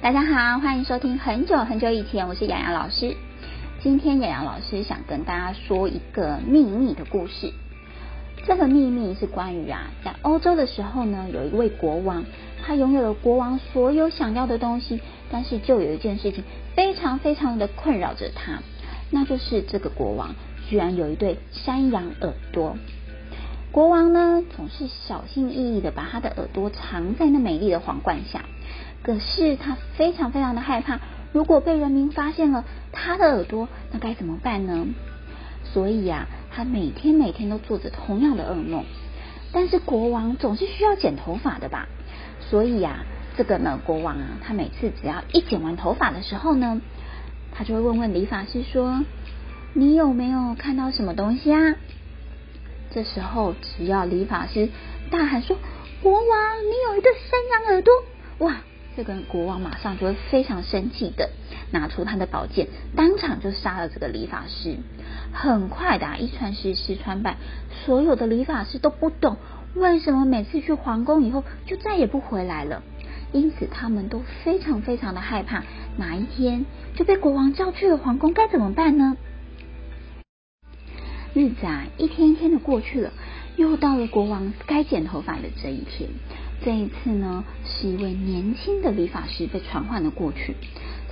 大家好，歡迎收聽。很久很久以前，我是雅雅老師。今天雅雅老師想跟大家說一個秘密的故事。這個秘密是關於啊，在歐洲的時候呢，有一位國王，他擁有了國王所有想要的東西，但是就有一件事情非常非常的困擾着他，那就是這個國王居然有一對山羊耳朵。國王呢，總是小心翼翼的把他的耳朵藏在那美麗的皇冠下。可是他非常非常的害怕，如果被人民發現了他的耳朵，那該怎麼辦呢？所以啊，他每天每天都做着同樣的噩夢。但是國王總是需要剪頭髮的吧？所以啊，這個呢，國王啊，他每次只要一剪完頭髮的時候呢，他就會問問理髮師說：“你有沒有看到什麼東西啊？”這時候，只要理髮師大喊說：“國王，你有一對山羊耳朵！”哇！這個國王馬上就會非常生氣的拿出他的寶劍，當場就殺了這個理髮師。很快的啊，一傳十，十傳百，所有的理髮師都不懂為什麼每次去皇宮以後就再也不回來了。因此，他們都非常非常的害怕，哪一天就被國王叫去了皇宮該怎麼辦呢？日子啊，一天一天的過去了，又到了國王該剪頭髮的這一天。這一次呢，是一位年輕的理髮師被傳喚了過去。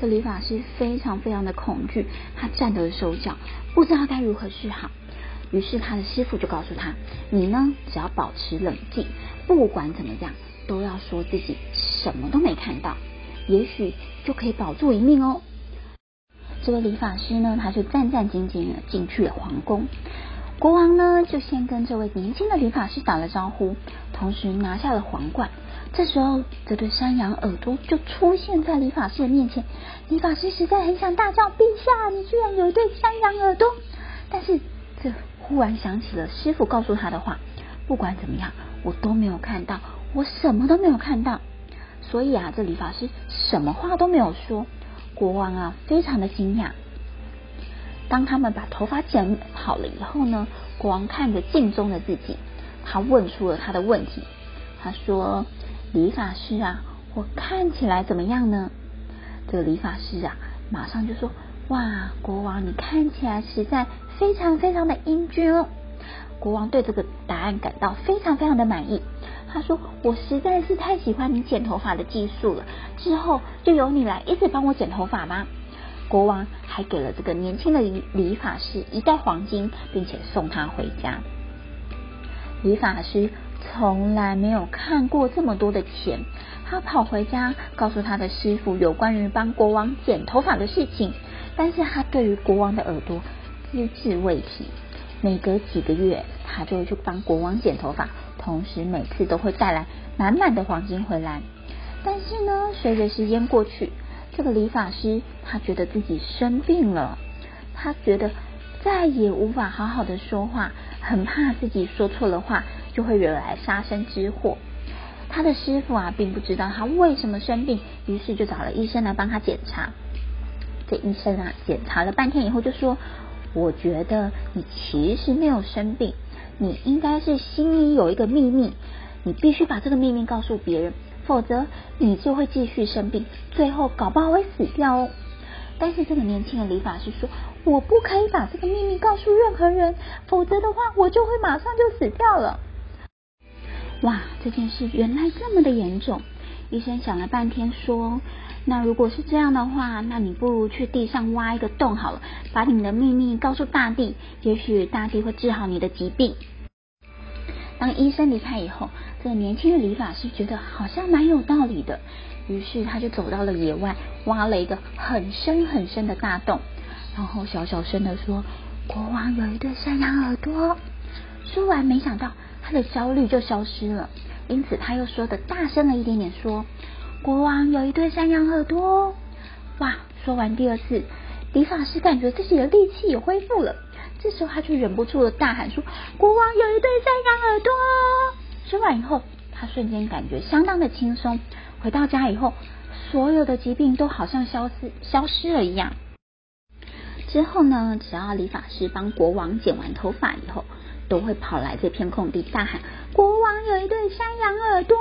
這理髮師非常非常的恐懼，他站得了手腳，不知道該如何是好。於是他的師傅就告訴他：“你呢，只要保持冷靜，不管怎麼樣，都要說自己什麼都沒看到，也許就可以保住一命哦。”這位理髮師呢，他就戰戰兢兢的進去了皇宮。國王呢，就先跟這位年輕的理髮師打了招呼。同時拿下了皇冠。這時候，這對山羊耳朵就出現在理髮師的面前。理髮師實在很想大叫：“陛下，你居然有一對山羊耳朵！”但是，這忽然想起了師傅告訴他的話：“不管怎麼樣，我都沒有看到，我什麼都沒有看到。”所以啊，這理髮師什麼話都沒有說。國王啊，非常的驚訝。當他們把頭髮剪好了以後呢，國王看着鏡中的自己。他問出了他的問題，他說：“理髮師啊，我看起來怎麼樣呢？”這個理髮師啊，馬上就說：“哇，國王，你看起來實在非常非常的英俊哦！”國王對這個答案感到非常非常的滿意。他說：“我實在是太喜歡你剪頭髮的技術了，之後就由你來一直幫我剪頭髮嗎？”國王還給了這個年輕的理髮師一袋黃金，並且送他回家。理髮師從來沒有看過這麼多的錢，他跑回家告訴他的師傅有關於幫國王剪頭髮的事情，但是他對於國王的耳朵只字未提。每隔幾個月，他就會去幫國王剪頭髮，同時每次都會帶來滿滿的黃金回來。但是呢，隨着時間過去，這個理髮師他覺得自己生病了，他覺得。再也無法好好的說話，很怕自己說錯了話就會惹來殺身之禍。他的師傅啊，並不知道他為什麼生病，於是就找了醫生來幫他檢查。這醫生啊，檢查了半天以後就說：“我覺得你其實沒有生病，你應該是心裡有一個祕密，你必須把這個祕密告訴別人，否則你就會繼續生病，最後搞不好會死掉哦。”但是這個年輕的理髮師說：“我不可以把這個秘密告訴任何人，否則的話，我就會馬上就死掉了。”哇，這件事原來這麼的嚴重！醫生想了半天說：“那如果是這樣的話，那你不如去地上挖一個洞好了，把你的秘密告訴大地，也許大地會治好你的疾病。”當醫生離開以後，這個年輕的理髮師覺得好像蠻有道理的，於是他就走到了野外，挖了一個很深很深的大洞，然後小小聲的說：“國王有一對山羊耳朵。”說完，沒想到他的焦慮就消失了，因此他又說得大聲了一點點說：“國王有一對山羊耳朵。”哇！說完第二次，理髮師感覺自己的力氣也恢復了。這時候，他就忍不住的大喊說：“國王有一對山羊耳朵。”說完以後，他瞬間感覺相當的輕鬆。回到家以後，所有的疾病都好像消失消失了一樣。之後呢，只要理髮師幫國王剪完頭髮以後，都會跑來這片空地大喊：“國王有一對山羊耳朵”，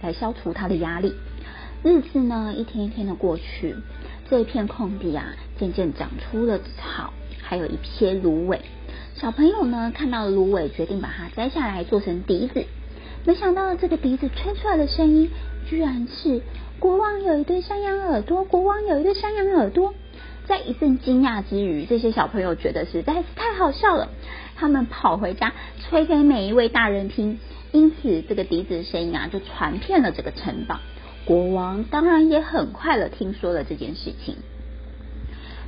來消除他的壓力。日子呢，一天一天的過去，這一片空地啊，漸漸長出了草。還有一些蘆葦，小朋友呢，看到蘆葦，決定把它摘下來做成笛子。沒想到這個笛子吹出來的聲音，居然是國王有一對山羊耳朵。國王有一對山羊耳朵。在一陣驚訝之餘，這些小朋友覺得實在是太好笑了。他們跑回家吹給每一位大人聽，因此這個笛子的聲音啊，就傳遍了這個城堡。國王當然也很快的聽說了這件事情。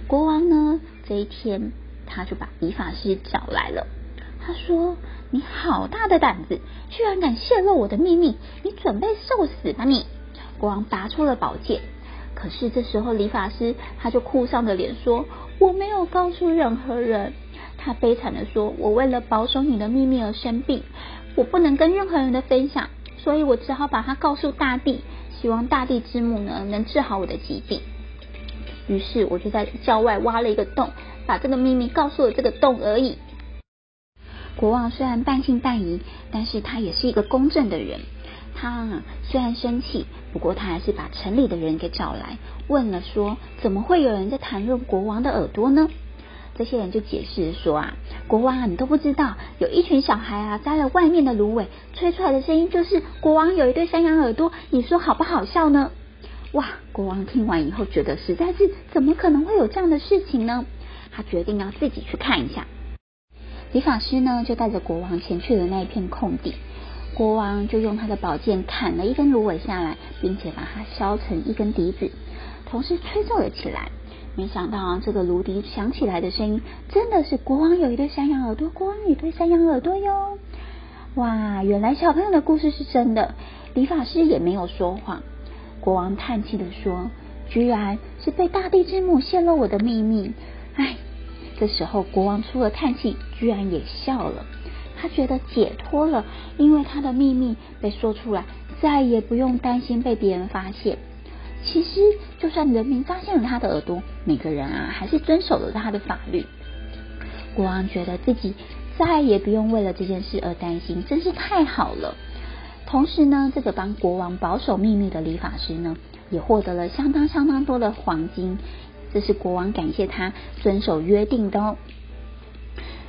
國王呢？這一天，他就把理髮師找來了。他說：“你好大的膽子，居然敢泄露我的秘密！你準備受死吧你！”你國王拔出了寶劍。可是這時候理，理髮師他就哭喪着臉說：“我沒有告訴任何人。”他悲慘地說：“我為了保守你的秘密而生病，我不能跟任何人的分享，所以我只好把它告訴大地，希望大地之母呢能治好我的疾病。”於是我就在郊外挖了一個洞，把這個秘密告訴了這個洞而已。國王雖然半信半疑，但是他也是一個公正的人。他啊，雖然生氣，不過他還是把城裡的人給找來，問了說怎麼會有人在談論國王的耳朵呢？這些人就解釋說啊，國王啊，你都不知道，有一群小孩啊摘了外面的蘆葦，吹出來的聲音就是國王有一對山羊耳朵。你說好不好笑呢？哇！國王聽完以後，覺得實在是怎麼可能會有這樣的事情呢？他決定要自己去看一下。理髮師呢，就帶着國王前去了那一片空地。國王就用他的寶劍砍了一根蘆葦下來，並且把它削成一根笛子，同時吹奏了起來。沒想到啊，這個蘆笛響起來的聲音，真的是國王有一對山羊耳朵，國王有一對山羊耳朵喲！哇！原來小朋友的故事是真的，理髮師也沒有說謊。國王嘆氣的說：“居然是被大地之母洩露我的祕密。”哎，這時候國王除了嘆氣，居然也笑了。他覺得解脫了，因為他的祕密被說出來，再也不用擔心被別人發現。其實，就算人民發現了他的耳朵，每個人啊，還是遵守了他的法律。國王覺得自己再也不用為了這件事而擔心，真是太好了。同時呢，這個幫國王保守秘密的理髮師呢，也獲得了相當相當多的黃金。這是國王感謝他遵守約定的哦。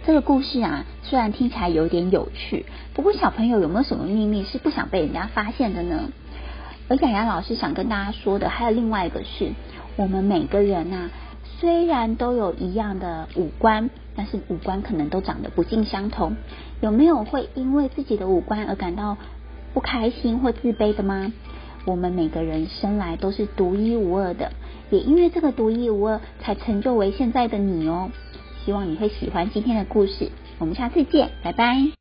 這個故事啊，雖然聽起來有點有趣，不過小朋友有沒有什麼秘密是不想被人家發現的呢？而雅雅老師想跟大家說的，還有另外一個是我們每個人吶、啊，雖然都有一樣的五官，但是五官可能都長得不盡相同。有沒有會因為自己的五官而感到？不開心或自卑的嗎？我們每個人生來都是獨一無二的，也因為這個獨一無二，才成就為現在的你哦。希望你會喜歡今天的故事，我們下次見，拜拜。